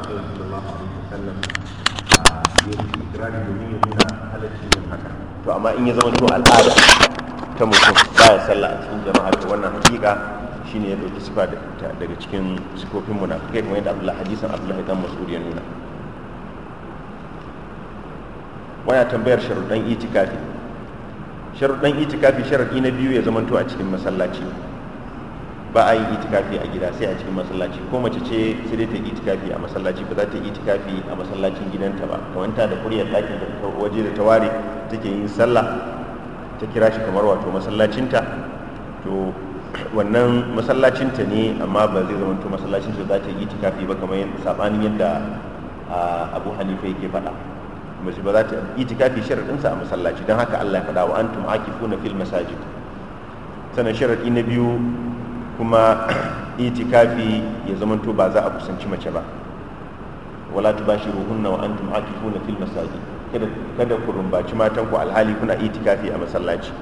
manzon sallallahu alaihi wasallam ah, ya yi domin ya nuna halaccin yin haka to amma in ya zama to al'ada ta mutum ya sallah a cikin jama'a to wannan hakika shine ya dauki sifa daga cikin sifofin munafikai kamar yadda Abdullahi hadisan Abdullahi dan Mas'ud ya nuna waya tambayar sharuɗan itikafi sharuɗan itikafi sharaɗi na biyu ya zamanto a cikin masallaci ba a yi itikafi a gida sai a cikin masallaci ko mace ce sai dai ta yi itikafi a masallaci ba za ta yi itikafi a masallacin gidanta ba kamar ta da kuryar ɗakin da waje da ta ware take yin sallah ta kira shi kamar wato masallacinta to wannan masallacinta ne amma ba zai zama to masallacin ta za ta yi itikafi ba kamar yadda sabanin yadda abu hanifa yake faɗa mace ba za ta yi itikafi sharaɗinsa a masallaci don haka allah ya faɗa wa antum akifuna fil masajid sannan sharaɗi na biyu kuma itikafi ya zamanto ba za a kusanci mace ba wala tu bashi tubashiruhunna wa antum akifuna fil masajid kada kada ku rumbaci matan ku alhali kuna itikafi a masallaci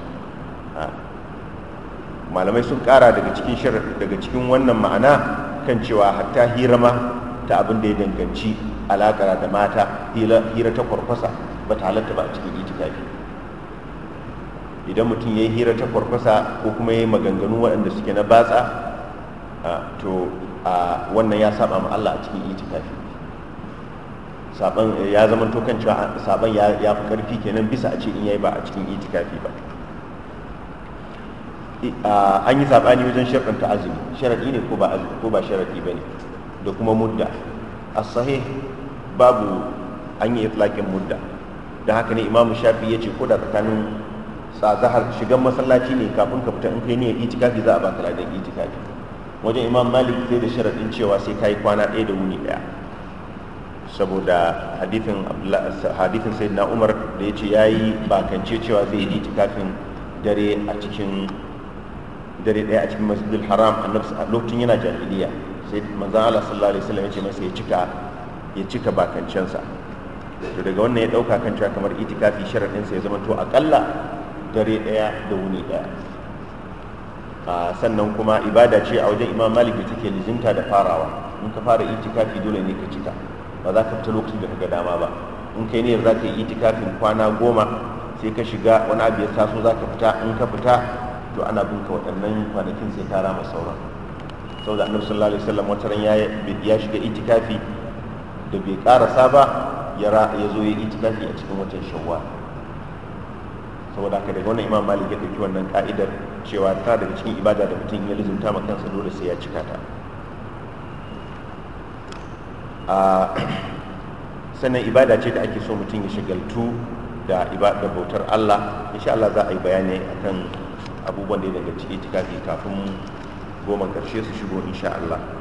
malamai sun kara daga cikin daga cikin wannan ma'ana kan cewa hatta hira ma ta abin da ya danganci alakara da mata hira ta kwarkwasa ba ta halatta ba a cikin itikafi idan mutum ya yi hira ta kwarkwasa ko kuma ya yi maganganu waɗanda suke na batsa to wannan ya saba ma Allah a cikin itikafi saban ya zama tokan cewa saban ya fi karfi kenan bisa a ce in yayi ba a cikin itikafi ba an yi sabani wajen sharɗanta azumi sharaɗi ne ko ba azumi ko ba sharaɗi ne da kuma mudda a sahih babu an yi itlaqin mudda da haka ne imamu shafi ya ce ko da tsakanin sa zahar shigan masallaci ne kafin ka fita in kai niyyar itikafi za a baka ladan itikafi wajen imam malik sai da sharadin cewa sai kai kwana ɗaya da wuni ɗaya saboda hadithin hadithin sayyidina umar da ya ce ya yi bakance cewa zai yi itikafin dare a cikin dare ɗaya a cikin masjidil haram a lokacin yana jahiliya sai manzan allah sallallahu alaihi wasallam ya ce masa ya cika ya cika bakancensa to daga wannan ya ɗauka kan cewa kamar itikafi sharaɗinsa ya zama to aƙalla dare ɗaya da wuni ɗaya sannan kuma ibada ce a wajen imam malik da take lizinta da farawa in ka fara itikafi dole ne ka cika ba za ka fita lokacin da kaga dama ba in kai niyyar za ka yi itikafin kwana goma sai ka shiga wani abu ya taso za ka fita in ka fita to ana bin ka waɗannan kwanakin sai ka rama sauran saboda annabi sallallahu alaihi wasallam wata ran ya shiga itikafi da bai karasa ba ya zo ya itikafi a cikin watan shawwal saboda haka daga wannan imam malik ya ɗauki wannan ka'idar cewa ta daga cikin ibada da mutum ya lizumta ma kansa dole sai ya cika ta sannan ibada ce da ake so mutum ya shigaltu da ibada bautar Allah insha Allah za a yi bayani akan abubuwan da daga ciki tikafi kafin goma karshe su shigo insha Allah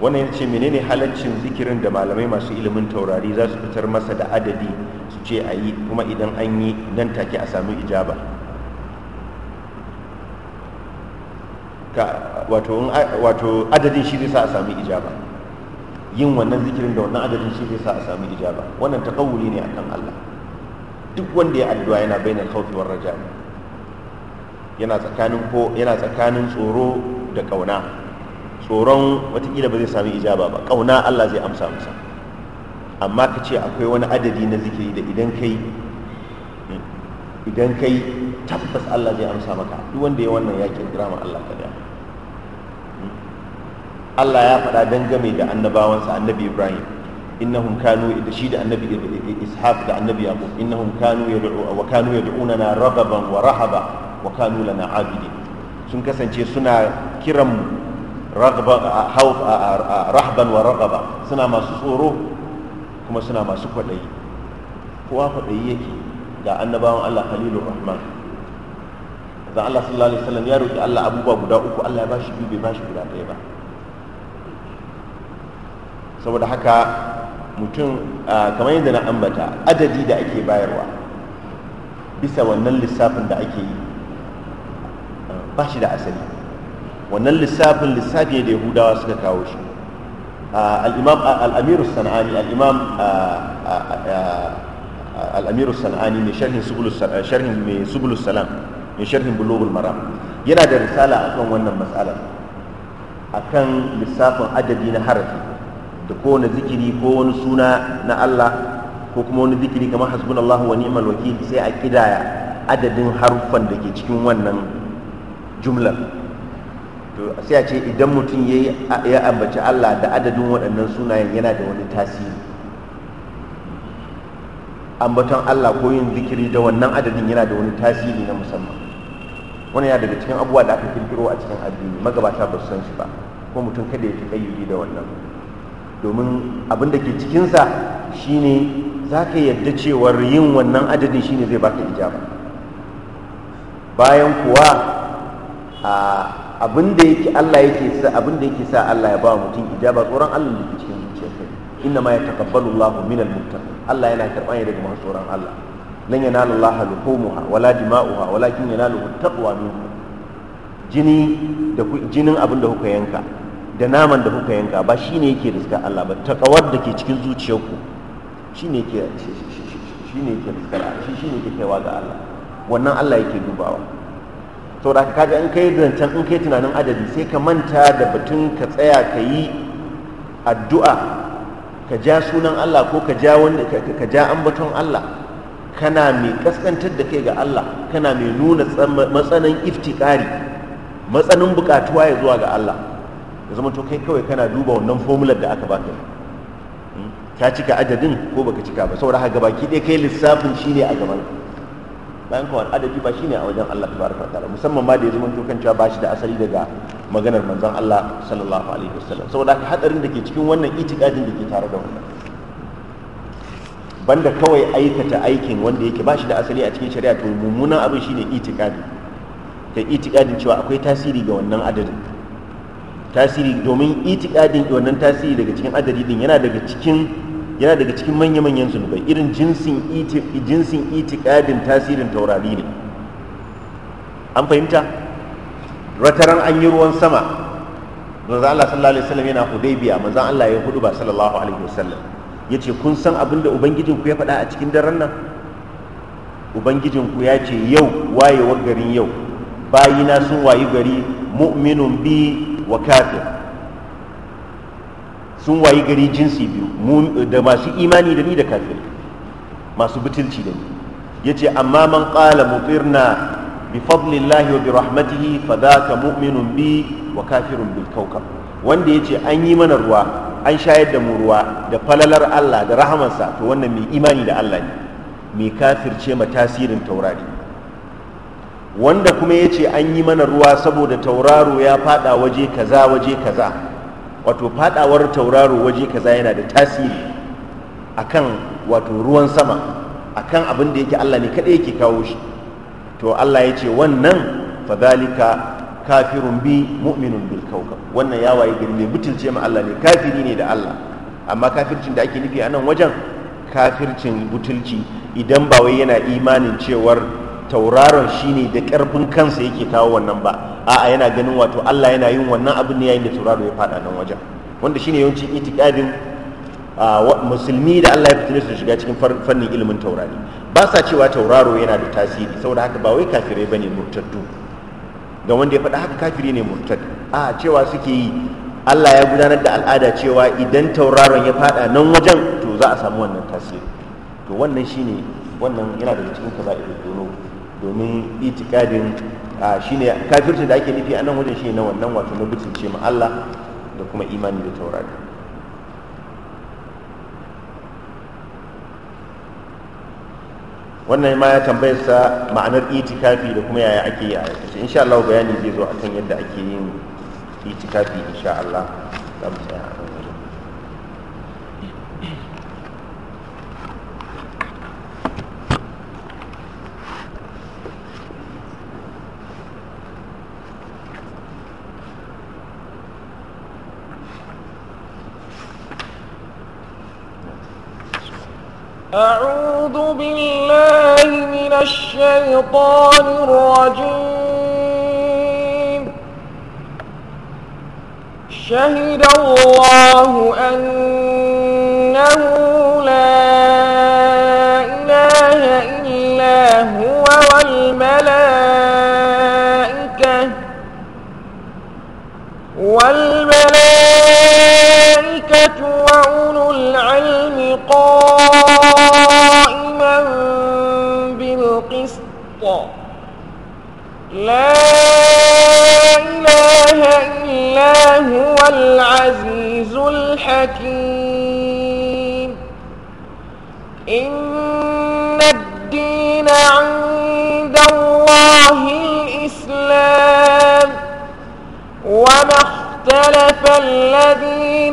wannan ya ce menene halaccin zikirin da malamai masu ilimin taurari za su fitar masa da adadi su ce a yi kuma idan an yi nan take a sami ijaba wato adadin shi zai sa a sami ijaba yin wannan zikirin da wannan adadin shi zai sa a sami ijaba wannan taƙawuli ne akan Allah duk wanda ya addu'a yana bainal khawfi war raja yana tsakanin ko yana tsakanin tsoro da kauna tsoron watakila ba zai sami ijaba ba ƙauna Allah zai amsa masa amma ka ce akwai wani adadi na zikiri da idan kai idan kai tabbas Allah zai amsa maka duk wanda ya wannan yakin kirama Allah ka Allah ya faɗa dangane da annabawansa annabi Ibrahim innahum kanu da shi da annabi Ishaq da annabi Yaqub innahum kanu yad'u wa kanu yad'unana ragaban wa rahaba wa kanu lana abidin sun kasance suna kiran mu rahban wa ragaba suna masu tsoro kuma suna masu kwaɗayi kowa kwaɗayi yake ga annabawan Allah Khalilur Rahman zan Allah sallallahu alaihi wasallam ya roki Allah abubuwa guda uku Allah ya bashi biyu bai bashi guda ɗaya ba saboda haka mutum kamar yadda na ambata adadi da ake bayarwa bisa wannan lissafin da ake yi ba shi da asali wannan lissafin lissafi da yahudawa suka kawo shi al-imam al mai sharhin subulus sharhin mai subulus salam mai sharhin bulugul maram yana da risala akan wannan matsalar akan lissafin adadi na harafi da kowane zikiri ko wani suna na Allah ko kuma wani zikiri kamar hasbunallahu wa ni'mal wakil sai a kidaya adadin haruffan da ke cikin wannan jumlar to sai a ce idan mutum ya ambaci Allah da adadin waɗannan sunayen yana da wani tasiri ambaton Allah ko yin zikiri da wannan adadin yana da wani tasiri na musamman wani yana daga cikin abubuwa da aka kirkiro a cikin addini magabata ba su san shi ba ko mutum kada ya yi da wannan domin abin da ke cikinsa shine za ka yadda cewar yin wannan adadin shine zai baka ijaba bayan kuwa a abin da yake Allah yake sa abin da yake sa Allah ya ba mutum ijaba tsoron Allah da ke cikin zuciyarsa inna ma yataqabbalu Allahu al muttaqin Allah yana karban ya daga masu tsoron Allah lan yanalu Allah luhumuha wala dima'uha walakin yanaluhu taqwa minkum jini da jinin abin da kuka yanka da naman da kuka yanka ba shine yake riska Allah ba takawar da ke cikin zuciyarku shine yake shine yake riska shi shine yake kaiwa ga Allah wannan Allah yake dubawa saura da kaga in kai zancen in kai tunanin adadi sai ka manta da batun ka tsaya ka yi addu'a ka ja sunan Allah ko ka ja wanda ka ja ambaton Allah kana mai kaskantar da kai ga Allah kana mai nuna matsanin iftikari matsanin bukatuwa ya zuwa ga Allah ya zama to kai kawai kana duba wannan fomular da aka baka hmm? ta cika adadin ko baka cika ba saboda haka baki ɗaya kai lissafin shi ne a gaban bayan kawai adadi ba shine a wajen Allah tabaraka tara, musamman ma da ya zamanto kan cewa ba shi da asali daga maganar manzon Allah sallallahu alaihi wasallam saboda haka hadarin da ke cikin wannan itikadin da ke tare da wannan banda kawai aikata aikin wanda yake ba shi da asali a cikin shari'a to mummunan abin shine itikadi da itikadin cewa akwai tasiri ga wannan adadin tasiri domin itikadin wannan tasiri daga cikin adadi din yana daga cikin yana daga cikin manya-manyan zunubai irin jinsin jinsin itikadin tasirin taurari ne an fahimta rataran an yi ruwan sama za Allah sallallahu alaihi wasallam yana hudaybiya manzo Allah ya hudu ba sallallahu alaihi wasallam yace kun san abin da ubangijin ku ya faɗa a cikin daren nan ubangijin ku ya ce yau wayewar garin yau bayina sun wayi gari mu'minun bi wa kafir sun wayi gari jinsi biyu da masu imani da ni da kafirai masu butulci da ni yace amma man mu mutirna bi fadlillahi wa bi rahmatihi fa ka mu'minun bi wa kafirun bil kawkab wanda yace an yi mana ruwa an shayar da mu ruwa da falalar Allah da rahamarsa to wannan mai imani da Allah ne mai kafirce ma tasirin taurari wanda kuma yace an yi mana ruwa saboda tauraro ya faɗa waje kaza waje kaza wato fadawar tauraro waje kaza yana da tasiri akan wato ruwan sama akan abin da yake Allah ne kaɗai yake kawo shi to Allah ya ce wannan fadhalika kafirun bi mu'minun bil kawkab wannan ya waye gari mai ma Allah ne kafiri ne da Allah amma kafircin da ake nufi a nan wajen kafircin butulci idan ba wai yana imanin cewar tauraron shine da ƙarfin kansa yake kawo wannan ba a'a yana ganin wato Allah yana yin wannan abin ne yayin da tauraro ya fada nan wajen wanda shine yawancin itikadin musulmi da Allah ya fitine su shiga cikin fannin ilimin taurari ba sa cewa tauraro yana da tasiri saboda haka ba wai kafirai bane murtaddu ga wanda ya faɗa haka kafiri ne murtad a cewa suke yi Allah ya gudanar da al'ada cewa idan tauraron ya fada nan wajen to za a samu wannan tasiri to wannan shine wannan yana daga cikin kaza'irul domin itikadin shine kafirci da ake nufi a nan wajen shine na wannan wato na butulce ma Allah da kuma imani da taurari wannan ma ya tambayar sa ma'anar itikafi da kuma yaya ake yi a yankaci insha Allah bayani zai zo akan yadda ake yin itikafi insha Allah za mu أعوذ بالله من الشيطان الرجيم شهد الله أنه لا إله إلا هو والملائكة والملائكة وأولو العلم قال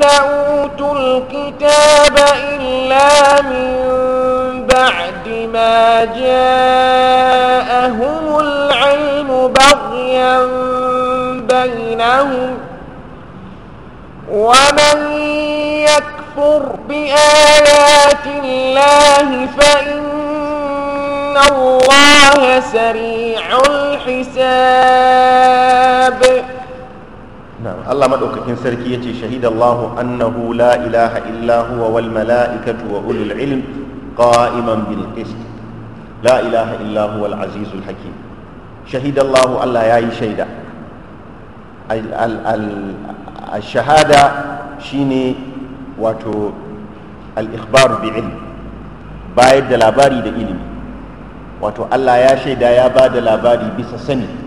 أوتوا الكتاب إلا من بعد ما جاءهم العلم بغيا بينهم ومن يكفر بآيات الله فإن الله سريع الحساب Allah madaukakin sarki ya yace shahidallahu annahu la ilaha illa huwa wal mala'ikatu wa ulul ilm qa'iman bil qist la ilaha illa huwa al azizul hakim shahidallahu Allah yayi shaida al shahada shine wato al ikhbar bi ilm bayar da labari da ilimi wato Allah ya shaida ya ba da labari bisa sani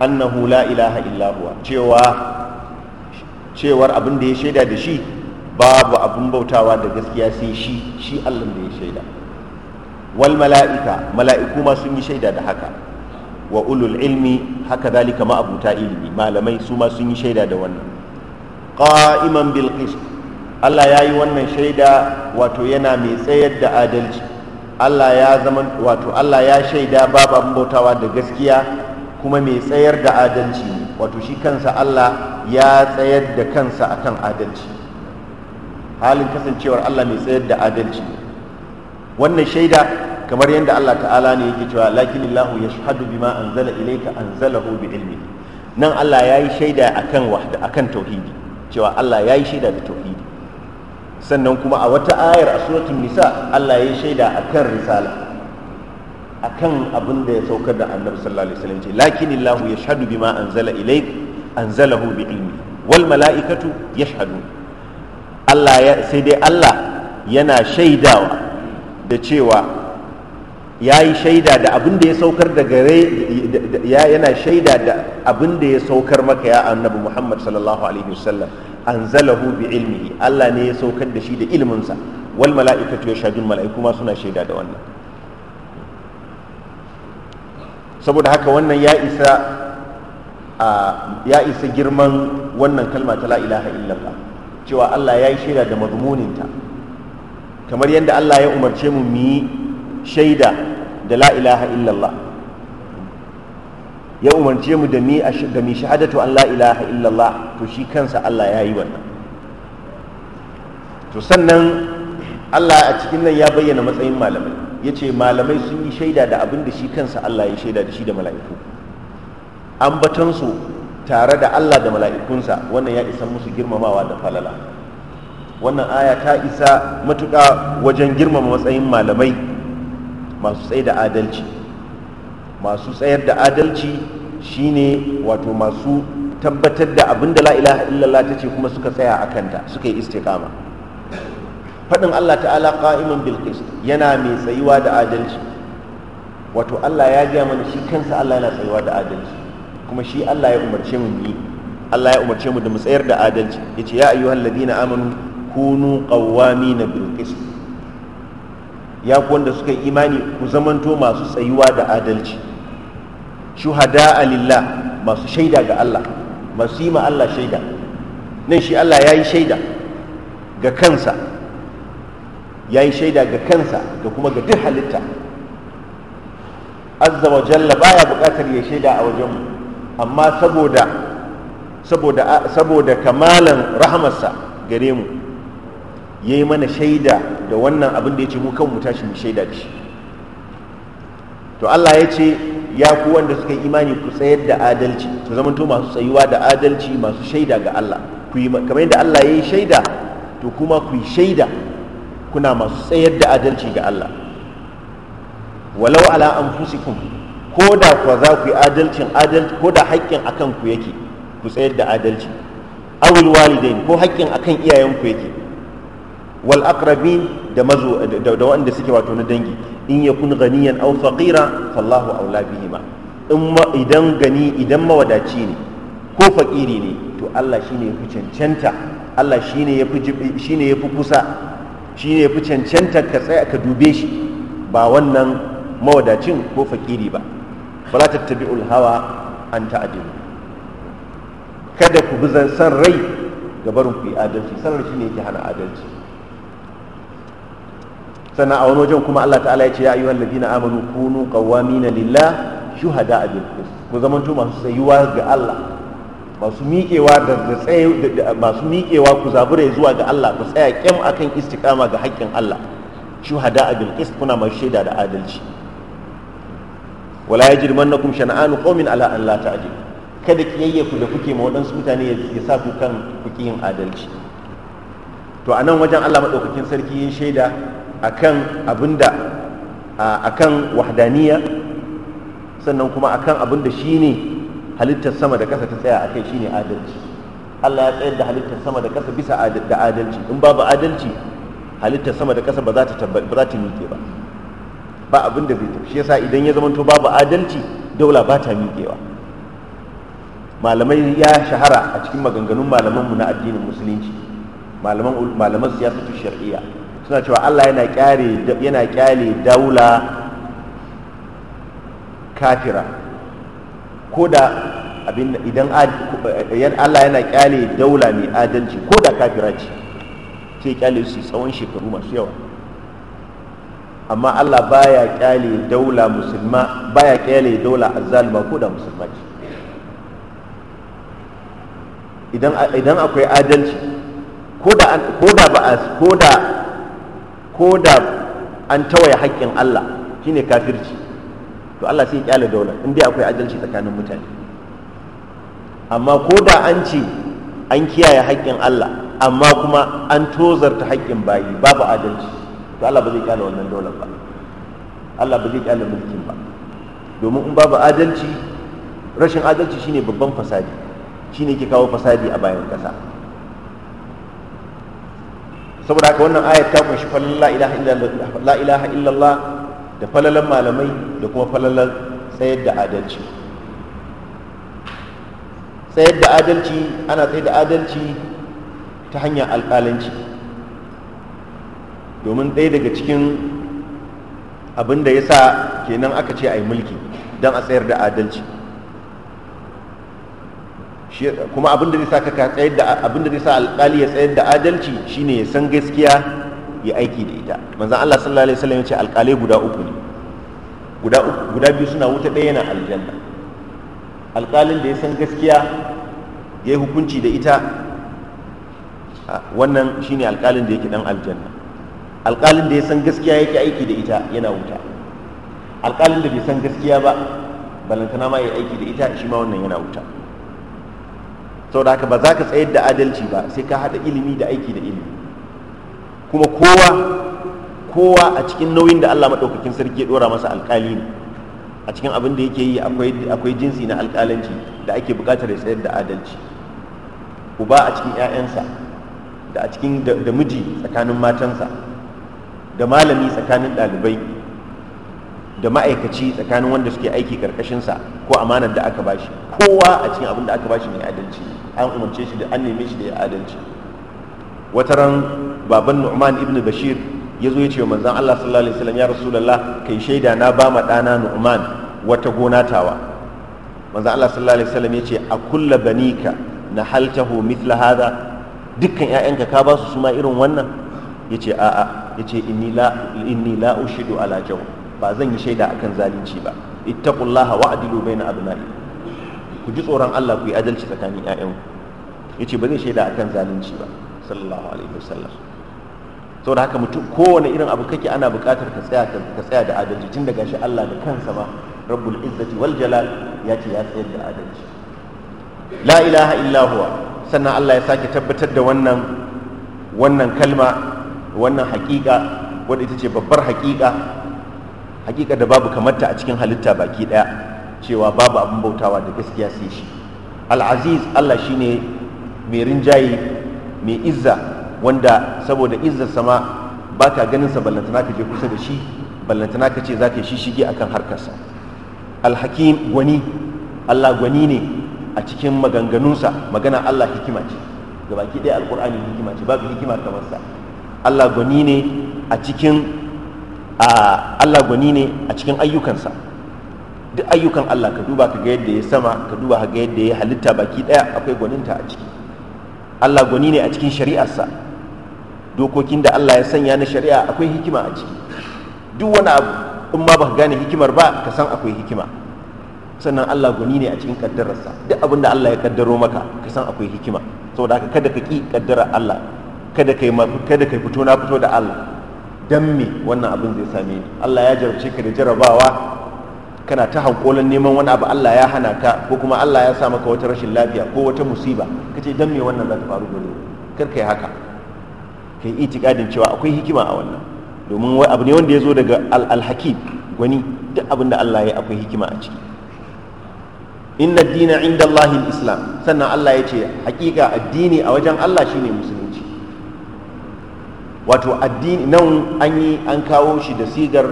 annahu la ilaha illa cewa cewar abin da ya shaida da shi babu abin bautawa da gaskiya sai shi shi Allah da ya shaida wal mala'ika mala'iku ma sun yi shaida da haka wa ulul ilmi haka zalika ma abuta ilimi malamai su ma sun yi shaida da wannan qa'iman bil qist Allah ya yi wannan shaida wato yana mai tsayar da adalci Allah ya zaman wato Allah ya shaida babu abin bautawa da gaskiya kuma mai tsayar da adalci ne wato shi kansa Allah ya tsayar da kansa akan adalci halin kasancewar Allah mai tsayar da adalci ne wannan shaida kamar yadda Allah ta'ala ne yake cewa lakin Allah yashhadu bima anzala ilayka anzalahu bi ilmi nan Allah yayi shaida akan wahda akan tauhidi cewa Allah yayi shaida da tauhidi sannan kuma a wata ayar a suratul nisa Allah yayi shaida akan risala akan abin da ya saukar da annabi sallallahu alaihi wasallam ce lakin illahu yashhadu bima anzala ilayk anzalahu bi ilmi wal mala'ikatu yashhadu Allah ya sai dai Allah yana shaidawa da cewa ya shaida da abin da ya saukar da gare yana shaida da abin da ya saukar maka ya annabi Muhammad sallallahu alaihi wasallam anzalahu bi ilmihi Allah ne ya saukar da shi da ilminsa wal mala'ikatu yashhadun mala'iku ma suna shaida da wannan saboda haka wannan ya isa ya isa girman wannan kalma ta la ilaha illallah cewa Allah ya yi shaida da mazmuninta kamar yadda Allah ya umarce mu mu yi shaida da la ilaha illallah ya umarce mu da mi da mi shahadatu an la ilaha illallah to shi kansa Allah ya yi wannan to sannan Allah a cikin nan ya bayyana matsayin malamai ya ce malamai sun yi shaida da abin da shi kansa Allah ya shaida da shi da mala'iku an batansu tare da Allah da mala'ikunsa wannan ya isa musu girmamawa da falala wannan aya ta isa matuƙa wajen girmama matsayin malamai masu tsaye da adalci masu tsayar da adalci shine wato masu tabbatar da abin da la'ilaha illallah ta ce kuma suka tsaya a kanta suka yi istiqama faɗin Allah ta'ala qa'iman bil qist yana mai tsayuwa da adalci wato Allah ya gaya mana shi kansa Allah yana tsayuwa da adalci kuma shi Allah ya umarce mu ni Allah ya umarce mu da mu tsayar da adalci yace ya ayyuhal ladina amanu kunu qawwamina bil qist ya ku wanda suka imani ku zamanto masu tsayuwa da adalci shuhada lillah masu shaida ga Allah masu yi ma Allah shaida nan shi Allah ya yi shaida ga kansa ya yi shaida ga kansa da kuma ga duk halitta azza wa jalla baya buƙatar ya shaida a wajenmu amma saboda kamalan rahamarsa gare mu ya yi mana shaida da wannan abin da ya ce mu kan mu tashi mu shaida da shi to Allah ya ce ya ku wanda suka yi imani ku tsayar da adalci ku zamanto masu tsayuwa da adalci masu shaida ga Allah ku kamar yadda Allah ya yi shaida to kuma ku yi shaida kuna masu tsayar da adalci ga Allah walau ala anfusikum ko da kuwa za ku yi adalcin adalci ko da haƙƙin a kanku yake ku tsayar da adalci awul walidain ko haƙƙin a kan iyayenku yake wal aqrabin da wanda suke wato na dangi in ya kun ganiyan aw faqira fallahu aula bihima in ma idan gani idan mawadaci ne ko faƙiri ne to Allah shine ya fi cancanta Allah shine ya ya fi kusa Shi ne fi cancanta ka tsaya ka dube shi ba wannan mawadacin ko fakiri ba fala tabi ulhawa an ta'dilu kada ku bi san rai ga barin ku yi adalci san rai shine yake hana adalci sannan a wani wajen kuma Allah ta'ala ya ce ya ayyuhal ladina amanu kunu qawwamina lillah shuhada bil qist ku zamanto masu tsayuwa ga Allah masu miƙewa da tsaye masu miƙewa ku zabure zuwa ga Allah ku tsaya kyam akan istiqama ga haƙƙin Allah shuhada bil qist kuna mai shaida da adalci wala yajrimannakum shana'anu qawmin ala an la ta'dilu kada kiyayye ku da kuke ma waɗansu mutane ya sa ku kan kukin yin adalci to anan wajen Allah maɗaukakin sarki yin shaida akan abinda akan wahdaniya sannan kuma akan abinda shine halittar sama da ƙasa ta tsaya a kai shine adalci Allah ya tsayar da halittar sama da ƙasa bisa da adalci in babu adalci halittar sama da ƙasa ba za ta ba za ta miƙe ba ba abin da zai tafi shi yasa idan ya zamanto babu adalci daula ba ta miƙewa malamai ya shahara a cikin maganganun mu na addinin musulunci malaman malaman siyasatu shar'iyya suna cewa Allah yana kyale yana kyale daula kafira ko da abin idan eh, Allah yana kyale daula mai adalci ko da kafira ce sai kyale su tsawon shekaru masu yawa amma Allah baya kyale daula musulma baya kyale daula azzalima ko da musulma ce idan akwai adalci ko da ba a ko da an tawaye haƙƙin Allah shine kafirci to Allah sai ya kyale daular in dai akwai adalci tsakanin mutane amma ko da an ce an kiyaye haƙƙin Allah amma kuma an tozarta haƙƙin bayi babu adalci to Allah ba zai kyale wannan daular ba Allah ba zai kyale mulkin ba domin in babu adalci rashin adalci shine babban fasadi shine ke kawo fasadi a bayan ƙasa saboda haka wannan ayat ta kunshi fallon la ilaha illallah da falalan malamai da kuma falalan tsayar da adalci tsayar da adalci ana tsayar da adalci ta hanyar alƙalanci domin ɗaya daga cikin abin da ya sa kenan aka ce a yi mulki don a tsayar da adalci kuma abin da zai sa alƙali ya tsayar da adalci shine ya san gaskiya ya aiki da ita manzan Allah sallallahu alaihi wasallam ya ce alƙalai guda uku ne guda biyu suna wuta ɗaya yana aljanna alƙalin da ya san gaskiya ya yi hukunci da ita wannan shine alƙalin da yake ɗan aljanna alƙalin da ya san gaskiya yake aiki da ita yana wuta alƙalin da bai san gaskiya ba balantana ma ya aiki da ita shi ma wannan yana wuta saboda haka ba za ka tsayar da adalci ba sai ka haɗa ilimi da aiki da ilimi kuma kowa kowa a cikin nauyin da Allah maɗaukakin sarki ya ɗora masa alƙali ne a cikin abin da yake yi akwai jinsi na alƙalanci da ake buƙatar ya tsayar da adalci uba a cikin 'ya'yansa da a cikin da miji tsakanin matansa da malami tsakanin ɗalibai da ma'aikaci tsakanin wanda suke aiki ƙarƙashinsa ko amanar da aka bashi kowa a cikin abin da aka bashi mai adalci an umarce shi da an neme shi da ya adalci wataran baban nu'man ibn bashir ya zo ya ce wa manzan Allah sallallahu alaihi wasallam ya rasulullah kai shaida na ba ma dana nu'man wata gona tawa manzon Allah sallallahu alaihi wasallam ya ce a kulla banika na haltahu mithla hada dukkan ƴaƴanka ka ba su suma irin wannan ya ce a'a ya ce la inni la ushidu ala jaw ba zan yi shaida akan zalunci ba ittaqullaha wa'dilu baina abna'i ku ji tsoron Allah ku yi adalci tsakanin ƴaƴanku ce ba zai shaida akan zalunci ba sallallahu alaihi wasallam saboda haka mutum kowane irin abu kake ana buƙatar ka tsaya ka tsaya da adalci tun daga shi Allah da kansa ma rabbul izzati wal jalal ya ce ya tsayar da adalci la ilaha illa huwa sannan Allah ya sake tabbatar da wannan wannan kalma wannan haƙiƙa wadda ita ce babbar haƙiƙa haƙiƙa da babu kamarta a cikin halitta baki ɗaya cewa babu abin bautawa da gaskiya sai shi al-aziz Allah shine mai rinjaye mai izza wanda saboda izzar sama ba ka ganin sa ballantana ka je kusa da shi ballantana ka ce za ka yi shishige kan harkarsa alhakim gwani allah gwani ne a cikin maganganunsa magana allah hikima ce gabaki ɗaya alkur'ani hikima ce babu hikima kamar sa allah gwani ne a cikin allah gwani ne a cikin ayyukansa duk ayyukan allah ka duba ka ga yadda ya sama ka duba ka ga yadda ya halitta baki ɗaya akwai gwaninta a ciki allah gwani ne a cikin shari'arsa dokokin da Allah ya sanya na shari'a akwai hikima a ciki duk wani abu in ma baka gane hikimar ba ka san akwai hikima sannan Allah gwani ne a cikin kaddararsa duk abin da Allah ya kaddaro maka ka san akwai hikima saboda haka kada ka ki kaddara Allah kada kai kada kai fito na fito da Allah dan me wannan abin zai same ni Allah ya jarabce ka da jarabawa kana ta hankolan neman wani abu Allah ya hana ka ko kuma Allah ya sa maka wata rashin lafiya ko wata musiba kace dan me wannan zai faru gare ni kar kai haka ka yi itikadin cewa akwai hikima a wannan domin abu ne wanda ya zo daga alhakim gwani duk abin da Allah ya akwai hikima a ciki inna dina inda Allah islam sannan Allah ya ce hakika addini a wajen Allah shine musulunci wato addini nan an yi an kawo shi da sigar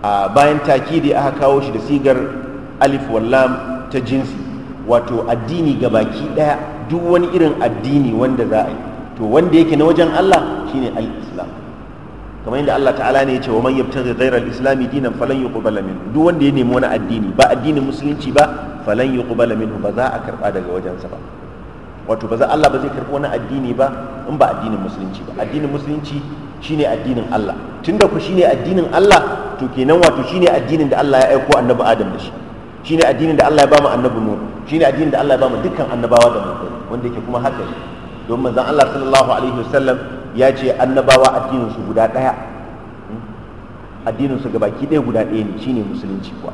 a bayan takidi aka kawo shi da sigar alif wallam ta jinsi wato addini ga baki ɗaya duk wani irin addini wanda za a yi to wanda yake na wajen Allah shine al-islam kamar yadda Allah ta'ala ne ya ce wa man yabtaghi ghayra al-islami dinan falan yuqbala minhu duk wanda ya nemi wani addini ba addinin musulunci ba falan yuqbala minhu ba za a karba daga wajensa ba wato ba za Allah ba zai karbi wani addini ba in ba addinin musulunci ba addinin musulunci shine addinin Allah tunda ku shine addinin Allah to kenan wato shine addinin da Allah ya aiko annabi Adam da shi shine addinin da Allah ya ba mu annabi Nuh shine addinin da Allah ya ba mu dukkan annabawa da mu wanda yake kuma haka ne don zan Allah sallallahu alaihi wasallam ya ce annabawa addinin su guda daya addinin su gabaki daya guda daya ne shine musulunci kuwa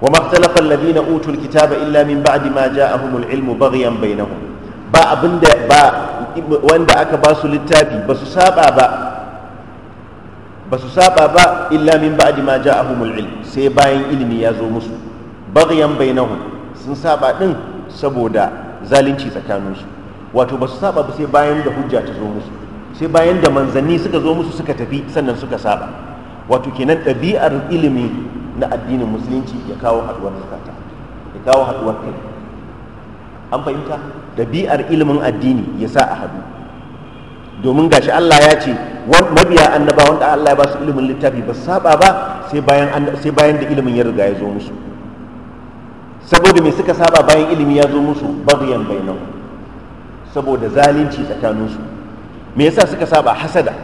wa maktalafa alladhina utul kitaba illa min ba'di ma ja'ahumul ilmu baghyan bainahum ba abinda ba wanda aka ba su littafi ba su saba ba ba su saba ba illa min ba'di ma ja'ahumul ilm sai bayan ilimi ya zo musu baghyan bainahum sun saba din saboda zalunci tsakaninsu wato ba su saba ba sai bayan da hujja ta zo musu sai bayan da manzanni suka zo musu suka tafi sannan suka saba wato kenan ɗabi'ar ilimi na addinin musulunci ya kawo haɗuwar zakata ya kawo haɗuwar kai an fahimta ɗabi'ar ilimin addini ya sa a haɗu domin gashi Allah ya ce mabiya Annaba, wanda Allah ya ba su ilimin littafi ba saba ba sai bayan da ilimin ya riga ya zo musu saboda mai suka saba bayan ilimi ya zo musu bagiyan bainan saboda zalunci tsakaninsu me yasa suka saba hasada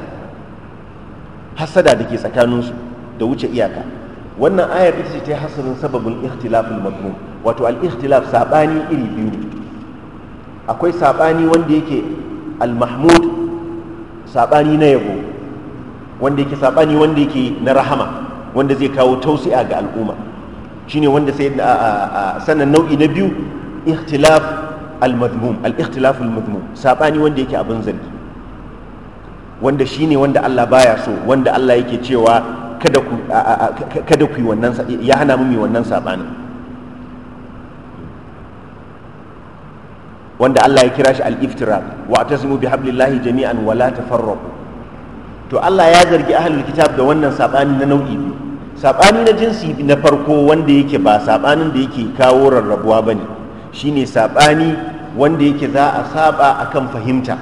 hasada da ke tsakaninsu da wuce iyaka wannan ayar ita ce ta yi hasarin sababin ikhtilafin mazmum wato al-ikhtilaf sabani iri biyu akwai sabani wanda yake al-mahmud sabani na yabo wanda yake sabani wanda yake na rahama wanda zai kawo tausi'a ga al'umma shine wanda sai sannan nau'i na biyu ikhtilaf al-madmum al-ikhtilaf al-madmum sabani wanda yake abin zargi wanda shine wanda Allah baya so wanda Allah yake cewa kada ku kada ku yi wannan ya hana mu mi wannan sabanin wanda Allah ya kira shi al-iftirak wa atasimu bihablillahi jami'an wa la tafarraqu to Allah ya zargi ahlul kitab da wannan sabani na nau'i biyu saɓani na jinsi na farko wanda yake ba saɓanin da yake kawo rarrabuwa ba ne shi ne saɓani wanda yake za a saɓa akan fahimta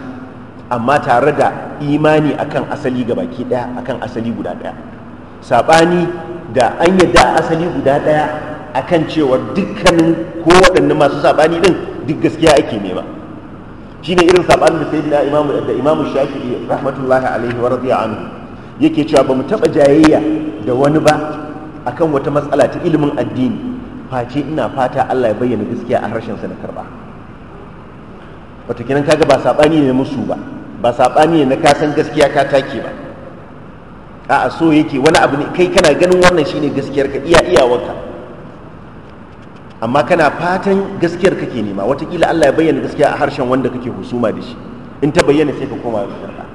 amma tare da imani akan asali ga baki ɗaya akan asali guda ɗaya saɓani da an yadda asali guda ɗaya akan cewa dukkanin ko waɗannan masu saɓani ɗin duk gaskiya ake nema shine irin saɓanin da sayyidina imamu da imamu shafi'i rahmatullahi alaihi wa radiya anhu yake cewa ba mu taɓa jayayya da wani ba akan wata matsala ta ilimin addini face ina fata Allah ya bayyana gaskiya a harshen sa na karba wato kenan kaga ba sabani ne musu ba ba sabani ne na kasan gaskiya ka take ba a'a so yake wani abu ne kai kana ganin wannan shine gaskiyar ka iya wanka. amma kana fatan gaskiyar kake nema watakila Allah ya bayyana gaskiya a harshen wanda kake husuma da shi in ta bayyana sai ka koma ga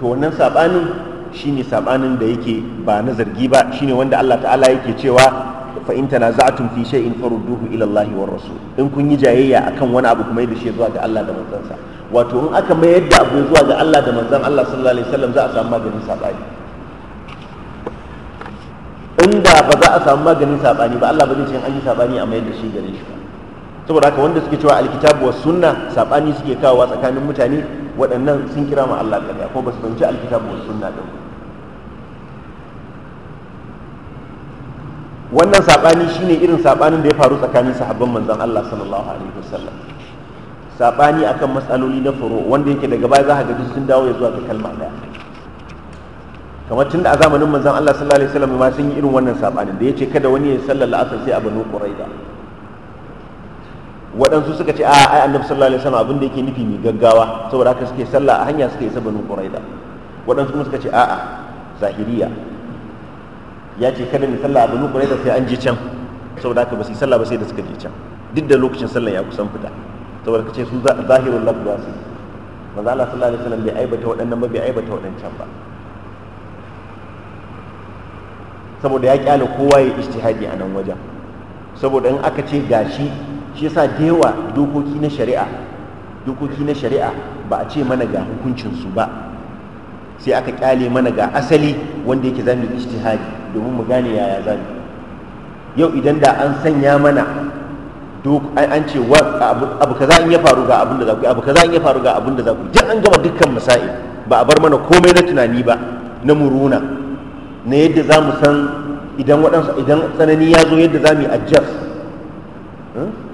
to wannan sabanin shine sabanin da yake ba na zargi ba shine wanda Allah ta'ala yake cewa fa in tanaza'tum fi shay'in farudduhu ila Allah war rasul in kun yi jayayya akan wani abu kuma yadda shi zuwa ga Allah da manzansa wato in aka mayar da abu zuwa ga Allah da manzan Allah sallallahu alaihi wasallam za a samu maganin sabani inda ba za a samu maganin sabani ba Allah ba zai ce an yi sabani a mayar da shi gare shi saboda haka wanda suke cewa alkitabu was sunna sabani suke kawo tsakanin mutane waɗannan sun kira ma Allah ƙarya ko ba su fahimci alkitabu wasu sunna ɗin wannan saɓani shine irin saɓanin da ya faru tsakanin sahabban manzan Allah sallallahu alaihi wasallam saɓani akan matsaloli na furo wanda yake daga baya za ka ga sun dawo ya zuwa ga kalma ɗaya kamar tun da a zamanin manzan Allah sallallahu alaihi wasallam ma sun yi irin wannan saɓanin da ya ce kada wani ya sallar la'asar sai a banu quraiza waɗansu suka ce a ai annabi sallallahu alaihi wasallam abin da yake nufi mai gaggawa saboda haka suke sallah a hanya suke isa banu quraida waɗansu kuma suka ce a'a zahiriya ya ce kada ni sallah a banu quraida sai an je can saboda haka ba su yi sallah ba sai da suka je can duk da lokacin sallah ya kusan fita saboda kace su zahirul lafz ba su manzo Allah sallallahu alaihi wasallam bai aibata waɗannan ba bai aibata waɗancan ba saboda ya kyale kowa ya ijtihadi a nan wajen saboda in aka ce gashi shi yasa da yawa dokoki na shari'a dokoki na shari'a ba a ce mana ga hukuncinsu ba sai aka kyale mana ga asali wanda yake zamu ijtihadi domin mu gane yaya zamu yau idan da an sanya mana an ce abu kaza in ya faru ga abin da za ku abu kaza in ya faru ga abin da za ku duk an gama dukkan masail ba a bar mana komai na tunani ba na muruna na yadda za mu san idan waɗansu idan tsanani ya zo yadda za mu yi adjust hmm?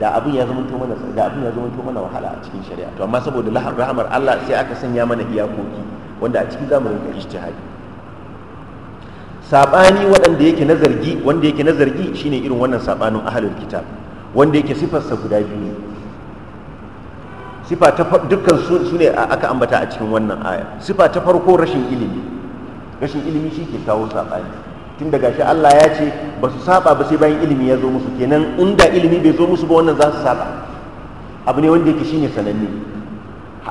da abin ya zama mana da abin ya zama mana wahala a cikin shari'a to amma saboda rahamar Allah sai aka sanya mana iyakoki wanda a cikin zamu rinka ijtihadi sabani waɗanda yake na zargi wanda yake na zargi shine irin wannan sabanin ahlul kitab wanda yake sa guda biyu sifa ta dukkan su sune ne aka ambata a cikin wannan aya sifa ta farko rashin ilimi rashin ilimi shi ke kawo sabani tun daga shi Allah ya ce ba su saba ba sai bayan ilimi ya zo musu kenan inda ilimi bai zo musu ba wannan za su saba abu ne wanda yake shine sananne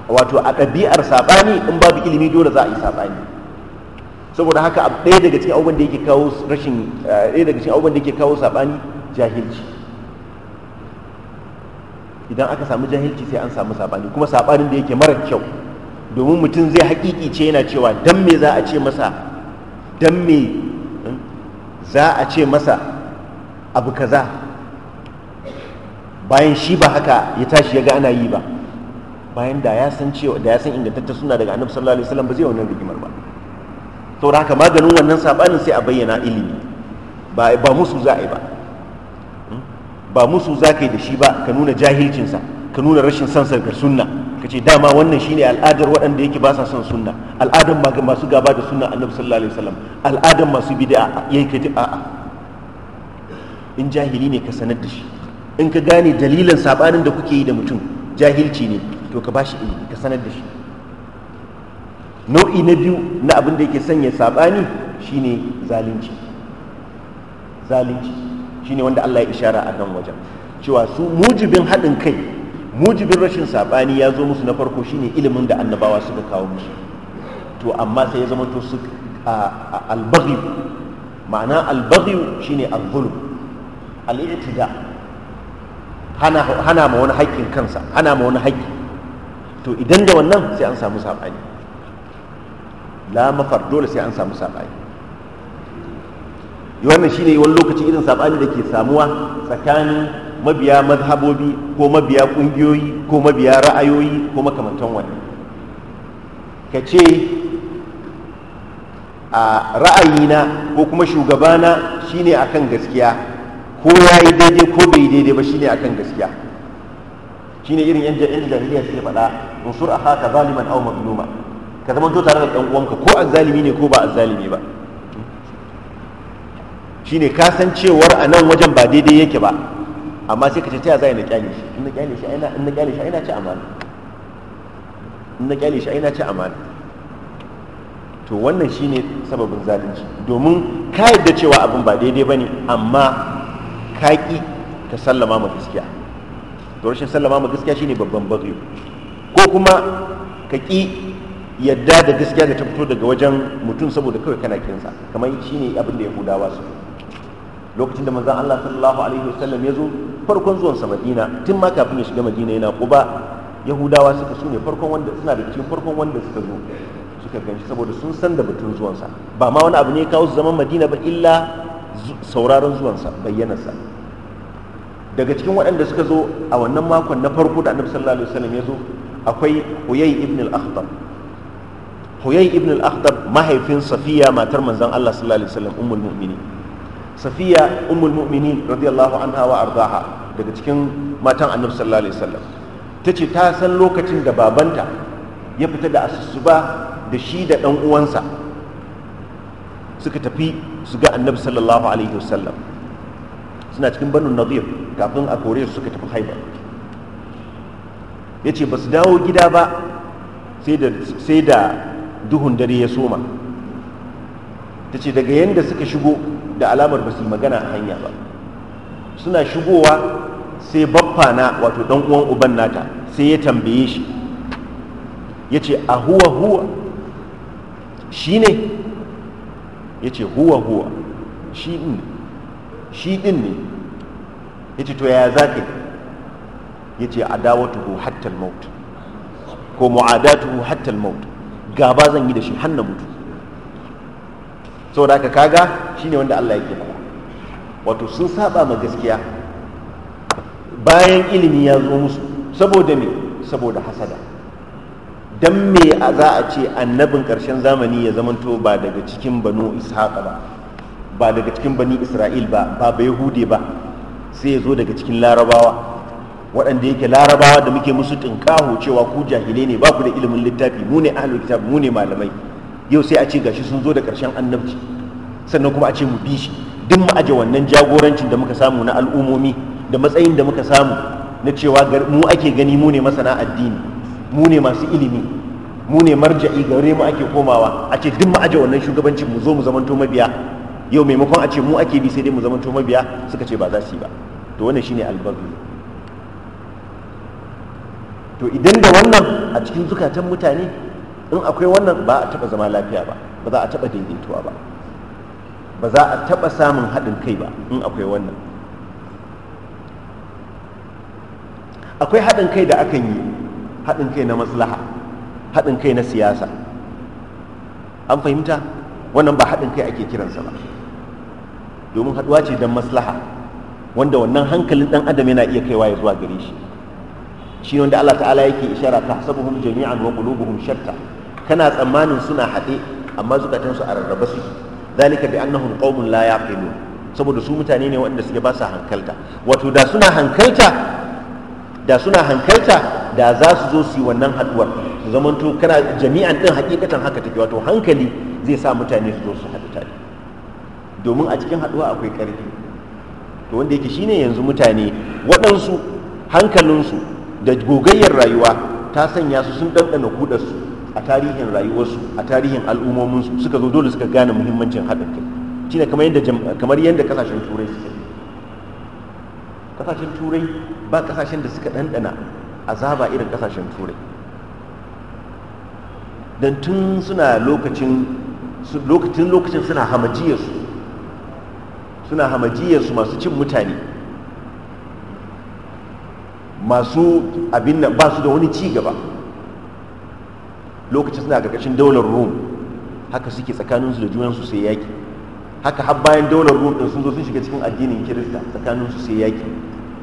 wato a ɗabi'ar saɓani in babu ilimi dole za a yi saɓani saboda haka abu ɗaya daga cikin abubuwan da yake kawo rashin eh, ɗaya daga cikin abubuwan da yake kawo saɓani jahilci idan aka samu jahilci sai an samu saɓani kuma saɓanin da yake mara kyau domin mutum zai haƙiƙi ce yana cewa dan me za a ce masa dan me za a ce masa abu kaza bayan shi ba haka ya tashi ya ga ana yi ba bayan da ya san cewa da ya san ingantaccen suna daga annabi sallallahu alaihi wasallam ba zai wannan rigimar ba saboda haka maganin wannan sabanin sai a bayyana ilimi ba ba musu za a yi ba hmm? ba musu za ka yi da shi ba ka nuna jahilcinsa ka nuna rashin son sa ga sunna ka ce dama wannan shine al'adar waɗanda yake ba sa son sunna al'adar masu gaba da sunna annabi sallallahu alaihi wasallam al'adar masu bid'a yayi ka ji a'a in jahili ne ka sanar da shi in ka gane dalilan sabanin da kuke yi da mutum jahilci ne to ka bashi ilimi ka sanar da shi nau'i na biyu na abin da yake sanya sabani shine zalunci zalunci shine wanda Allah ya ishara a nan wajen cewa su mujibin haɗin kai mujibin rashin saɓani ya zo musu na farko shine ilimin da annabawa suka kawo musu to amma sai ya zama to su albaghi ma'ana albaghi shine al-zulm al-i'tida hana hana ma wani haƙƙin kansa hana ma wani haƙƙi to idan da wannan sai an samu saɓani la mafar dole sai an samu saɓani wannan shine wani lokaci irin saɓani da ke samuwa tsakanin mabiya mazhabobi ko mabiya kungiyoyi ko mabiya ra'ayoyi ko makamantan wani ka ce a ra'ayina ko kuma shugabana shine akan gaskiya ko ya yi daidai ko bai daidai ba shine akan gaskiya shine irin yan yan jahiliya suke faɗa unsur akhaka zaliman aw mazluma ka zama to tare da dan uwanka ko azzalimi ne ko ba azzalimi ba shine kasancewar a nan wajen ba daidai yake ba amma sai ka ce ta za na kyale shi in na kyale shi aina in na kyale shi aina ci amana in na kyale shi aina ci amana to wannan shine sababin zalunci domin ka yadda cewa abin ba daidai bane amma ka ki ka sallama ma gaskiya to rashin sallama ma gaskiya shine babban bagyo ko kuma ka ki yadda da gaskiya da ta fito daga wajen mutum saboda kawai kana kinsa kamar shine abin da yahudawa su lokacin da manzon Allah sallallahu alaihi wasallam ya zo farkon zuwan sa Madina tun ma kafin ya shiga Madina yana Quba Yahudawa suka sune farkon wanda suna da cikin farkon wanda suka zo suka ganshi saboda sun san da batun zuwan sa ba ma wani abu ne kawo zaman Madina ba illa sauraron zuwan sa bayyanar sa daga cikin waɗanda suka zo a wannan makon na farko da Annabi sallallahu alaihi wasallam ya zo akwai Huyay ibn al-Akhtab Huyay ibn al-Akhtab mahaifin Safiya matar manzon Allah sallallahu alaihi wasallam ummul mu'minin safiya ummul mu'minin radiyallahu anha wa ardaha daga cikin matan annabi sallallahu alaihi wasallam ce ta san lokacin da babanta ya fita da asusuba da shi da ɗan uwansa suka tafi su ga annabi sallallahu alaihi wasallam suna cikin banu nadir kafin a kore su suka tafi haibar yace ba su dawo gida ba sai da duhun dare ya soma ta ce daga yadda suka shigo da alamar ba su yi magana a hanya ba suna shigowa sai baffa na wato dan uwan uban nata sai ya tambaye shi ya ce a huwa huwa shi ne ya ce huwa huwa shi din ne ya ce to ya za ka ya ce adawatuhu hattal maut ko mu'adatuhu hattal maut gaba zan yi da shi hannun mutu saboda haka kaga shine wanda Allah yake faɗa wato sun saba ma gaskiya bayan ilimi ya zo musu saboda me saboda hasada dan me a za a ce annabin ƙarshen zamani ya zamanto ba daga cikin banu ishaqa ba ba daga cikin bani isra'il ba ba ba yahude ba sai ya zo daga cikin larabawa waɗanda yake larabawa da muke musu tinkaho cewa ku jahilai ne ba ku da ilimin littafi mu ne ahlul kitab mu ne malamai yau sai a ce gashi sun zo da ƙarshen annabci sannan kuma a ce mu bi shi duk mu aje wannan jagorancin da muka samu na al'umomi da matsayin da muka samu na cewa mu ake gani mu ne masana addini mu ne masu ilimi mu ne marja'i gare mu ake komawa a ce duk mu aje wannan shugabancin mu zo mu zamanto mabiya yau maimakon a ce mu ake bi sai dai mu zamanto mabiya suka ce ba za su yi ba to wannan shine albabu to idan da wannan a cikin zukatan mutane in akwai wannan ba a taɓa zama lafiya ba ba za a taɓa daidaituwa ba ba za a taɓa samun haɗin kai ba in akwai wannan akwai haɗin kai da akan yi haɗin kai na maslaha haɗin kai na siyasa an fahimta wannan ba haɗin kai ake kiransa ba domin haɗuwa ce don maslaha wanda wannan hankalin ɗan adam yana iya kaiwa ya zuwa gare shi shi wanda Allah ta'ala yake ishara ta hasabuhum jami'an wa qulubuhum shatta kana tsammanin suna haɗe amma zukatansu a rarraba su zalika bi annahum qaumun la yaqilun saboda su mutane ne waɗanda suke ba su hankalta wato da suna hankalta da suna hankalta da za su zo su yi wannan haɗuwar su to kana jami'an ɗin hakikatan haka take wato hankali zai sa mutane su zo su haɗu tare domin a cikin haɗuwa akwai ƙarfi to wanda yake shine yanzu mutane waɗansu hankalinsu da gogayyar rayuwa ta sanya su sun ɗanɗana kudarsu a tarihin rayuwarsu a tarihin al'ummominsu suka zo dole suka gane muhimmancin haɗin kai shine kamar yadda kamar yadda kasashen turai suke kasashen turai ba kasashen da suka ɗanɗana azaba irin kasashen turai don tun suna lokacin lokacin lokacin suna hamajiyarsu suna hamajiyarsu masu cin mutane masu abin nan ba su da wani ci gaba lokacin suna gargashin daular rome haka suke tsakaninsu da junansu sai yaki haka har bayan daular rome din sun zo sun shiga cikin addinin kirista tsakaninsu sai yaki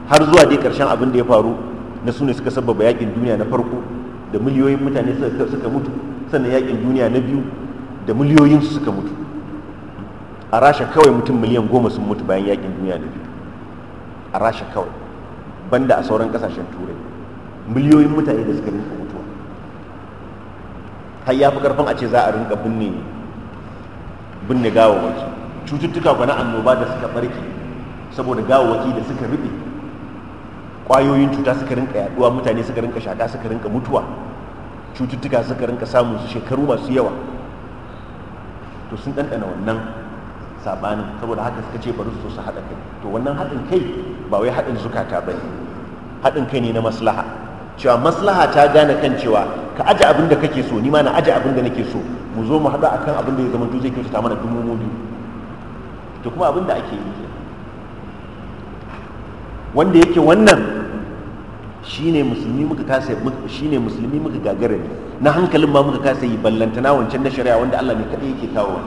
har zuwa dai karshen abin da ya faru na su ne suka sababa yakin duniya na farko da miliyoyin mutane suka mutu sannan yakin duniya na biyu da miliyoyin su suka mutu a rasha kawai mutum miliyan goma sun mutu bayan yakin duniya na biyu a rasha kawai banda a sauran kasashen turai miliyoyin mutane da suka mutu har ya fi karfin a ce za a rinka binne binne gawawaki cututtuka ba na annoba da suka barke saboda gawawaki da suka rufe kwayoyin cuta suka rinka yaduwa mutane suka rinka shaka suka rinka mutuwa cututtuka suka rinka samun su shekaru masu yawa to sun ɗanɗana wannan sabanin saboda haka suka ce bari su su haɗa kai to wannan haɗin kai ba wai haɗin zukata ba ne haɗin kai ne na maslaha cewa maslaha ta gane kan cewa ka aje abin da kake so ni ma na aje abin da nake so mu zo mu haɗu akan abin da ya zama zai kyautata mana dumu mu biyu to kuma abin da ake yi wanda yake wannan shine musulmi muka kasa shine musulmi muka gagara ne na hankalin ma muka kasa yi ballantana wancan na shari'a wanda Allah ne kadai yake kawo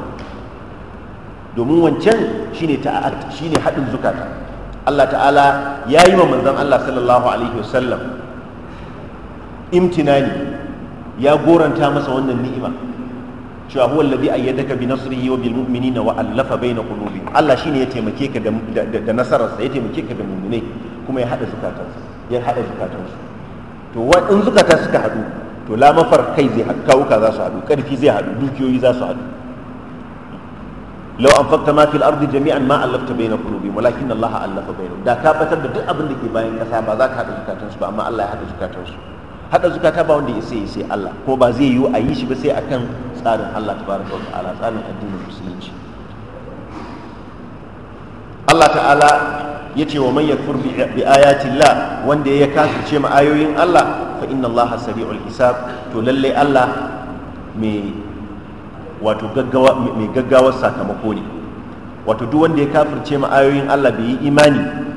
domin wancan shine ta'at shine haɗin zukata Allah ta'ala ya yi wa manzon Allah sallallahu alaihi wasallam imtinani ya goranta masa wannan ni'ima cewa huwa alladhi ayyadaka bi nasrihi wa bil mu'minina wa allafa baina qulubi Allah shine ya taimake ka da da nasararsa ya taimake ka da mu'minai kuma ya hada zukatansu ya hada zukatansu to wa in zukata suka hadu to la mafar kai zai kawuka za su hadu karfi zai hadu dukiyoyi za su hadu law anfaqta ma fil ardi jami'an ma allafta baina qulubi walakin Allah allafa bainahum da ka batar da duk abin da ke bayan kasa ba za ka hada zukatansu ba amma Allah ya hada zukatansu hada zukata ba wanda sai sai Allah ko ba zai yiwu a yi shi ba sai akan tsarin Allah tabaraka wa ta'ala tsarin addinin musulunci Allah ta'ala ya ce wa man yakfur bi ayatillah wanda ya kafirce ma ayoyin Allah fa inna Allah sari'ul hisab to lalle Allah mai wato gaggawa mai gaggawar sakamako ne wato duk wanda ya kafirce ma ayoyin Allah bai yi imani